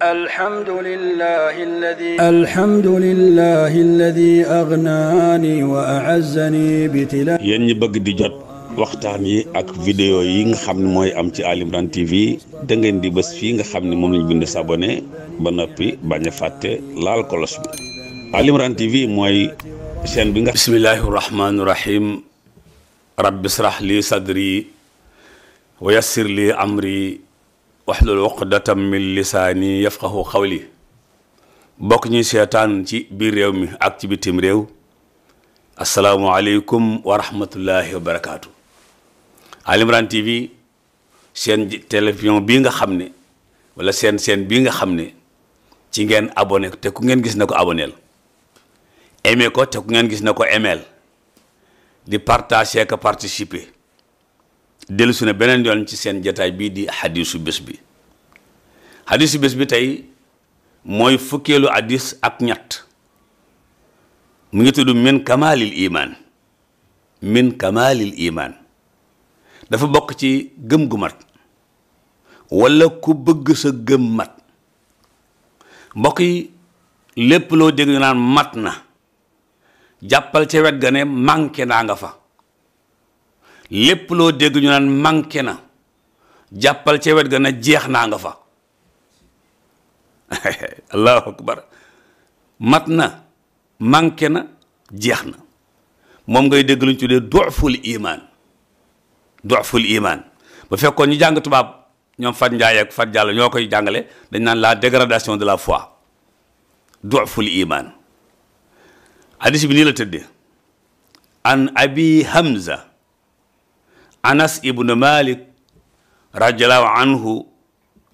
الحمد لله الذي الحمد لله الذي أغناني وأعزني بتلاوة yéen ñi bëgg di jot waxtaan yi ak vidéo yi nga xam ne mooy am ci Ali Imran TV da ngeen di bés fii nga xam ne moom lañ bind s'abonner ba noppi bañ a fàtte laal kolos bi Ali Imran TV mooy chaîne bi nga. bismillahi rahmaani rahim rabbi israh li sadri wa yassir li amri. waxlul uqdatam min lisaani yafqahu xawli bokk ñuy seetaan ci biir réew mi ak ci bitim réew asalaamualeykum wa rahmatullahi wa barakaatu. Ali Imran TV seen télévision bii nga xam ne wala seen seen bii nga xam ne ci ngeen abonné te ku ngeen gis na ko aboneel aimé ko te ku ngeen gis na ko aiméel di partager ak participer dellusi na beneen yoon ci seen jataay bii di xadisu bés bi xadisu bés bi tey mooy fukkeelu hadis ak ñett mu ngi tudd min kamalil imaan min kamalil dafa bokk ci gëm gu mat wala ku bëgg sa gëm mat mbokk yi lépp loo dégg naan mat na jàppal ca wet ga ne manqué naa nga fa lépp loo dégg ñu naan manqué na jàppal ca wet ga na jeex naa nga fa allahu akbar mat na manqué na jeex na moom ngay dégg lu ñu tuddee doful imaan doful iman ba fekkoon ñu jàng tubaab ñoom Fat Ndiaye ak Fat Diallo ñoo koy jàngale dañ naan la dégradation de la fois doful iman hadis bi nii la tëddee an abi hamza anas ibnu malik radiallahu anhu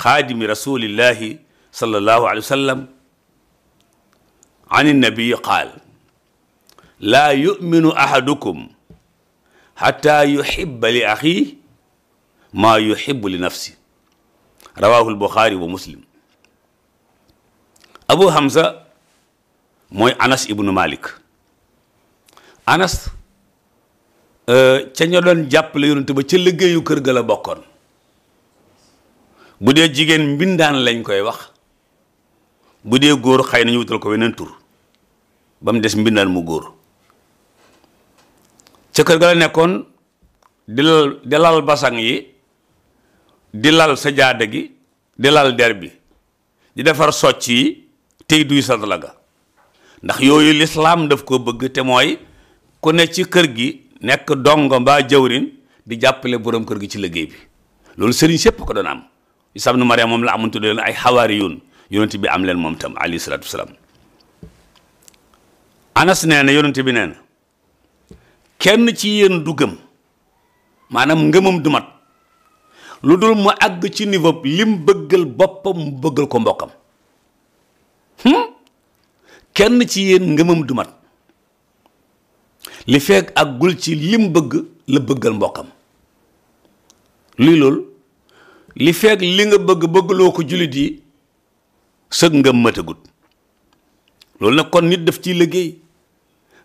xaadimi rasulillahi sallallahu alayhi wa sallam an innabiyi qaal laa yuminu ahadukum xata yuxiba li axi maa yuxibu li nafsi rawahu lbuxaari wa muslim abu hamza mooy anas ibnu malik anas Euh, ca ña doon jàppale yonent ba ca liggéeyu kër ga la bokkoon bu dee jigéen mbindaan lañ koy wax bu dee góor xëy nañu wutal ko weneen tur ba mu des mbindaan mu góor ca kër ga la nekkoon di lal di lal basang yi di lal sa jaada gi di lal der bi di defar socc yi tey duy satala ga ndax yooyu lislaam daf ko bëgg te mooy ku ne ci kër gi nekk dongo ba jawrin di jàppale borom kër gi ci liggéey bi loolu sëriñ sépp ko doon am Isa ibnu Maryam moom la amoon tuddee leen ay xawaariyuun yonent bi am leen moom tam alayhi salaatu wasalaam anas nee na yonent bi nee kenn ci yéen du gëm maanaam ngëmam du mat lu dul mu àgg ci niveau lim bëggal boppam mu bëggal ko mbokkam hmm? kenn ci yéen ngëmam du mat li feeg àggul ci lim bëgg la bëggal mbokkam luy loolu li feeg li nga bëgg bëggloo ko jullit yi sëg nga matagut loolu nag kon nit daf ciy liggéey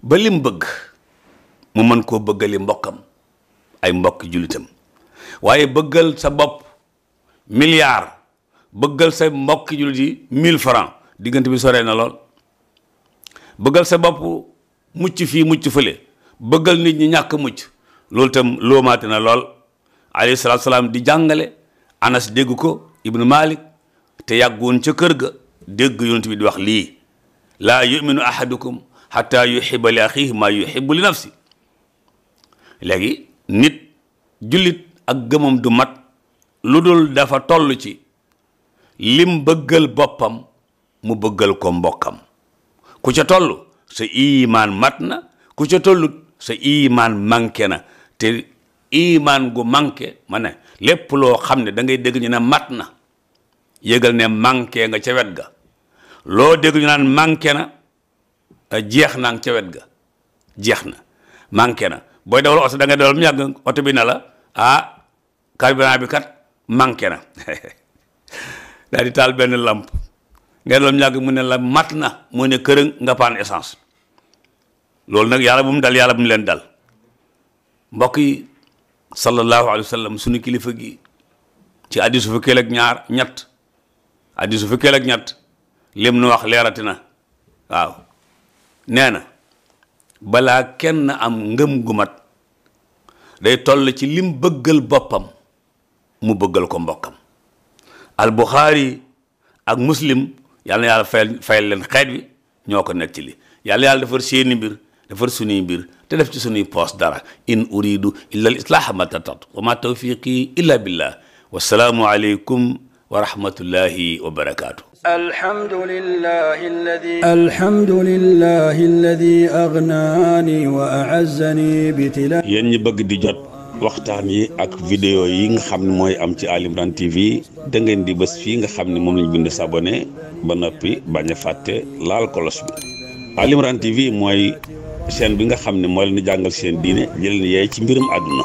ba lim bëgg mu mën koo bëggali mbokkam ay mbokki jullitam waaye bëggal sa bopp milliard bëggal sa mbokki jullit yi mille francs diggante bi soree na lool bëggal sa bopp mucc fii mucc fële bëggal nit ñi ñàkk mucc loolu tam loomaate na lool alayhi salaatu salaam di jàngale anas dégg ko ibnu malik te woon ca kër ga dégg yonent bi di wax lii laa yuminu ahadukum hatta yuhibba li axihi maa yuhibbu li nafsi léegi nit jullit ak gëmam du mat lu dul dafa toll ci lim bëggal boppam mu bëggal ko mbokkam ku ca toll sa iimaan mat na ku ca tollut sa imaan manqué na te imaan gu manqué ma ne lépp loo xam ne dangay ngay dégg ñu ne mat na yëgal ne manqué nga ca wet ga loo dégg ñu naan manqué na eh, jeex naa ca wet ga jeex na manqué na booy dawal oto da ngay dawal mu yàgg oto bi na la ah carburant bi kat manqué na daal di taal benn làmp nga dawal mu yàgg mu ne la mat na mu ne kërëng nga paan essence loolu nag yàlla bu mu dal yàlla bu mu leen dal mbokk yi sallallahu alayhi wa sallam sunu kilifa gi ci hadiisu fukkeel ak ñaar ñett hadiisu fukkeel ak ñett lim nu wax leerati na waaw nee na balaa kenn am ngëm gu mat day toll ci lim bëggal boppam mu bëggal ko mbokkam al buxaari ak muslim yàlla na yàlla fayal fayal leen xeet bi ñoo ko nekk ci li yàlla yàlla defar seeni mbir defar suñuy mbir te def ci suñuy poos dara in uridu illa al islaaha ma tatatu wa ma tawfiqi illa billah wasalaamu aleykum wa bëgg di jot waxtaan yi ak vidéo yi nga xam ne mooy am ci Ali Imran TV da di bés fii nga xam ne moom lañ bind s'abonné ba noppi ba a fàtte laal kolos mooy seen bi nga xam ne moo leen di jàngal seen diine jëleen yee ci mbirum àdduna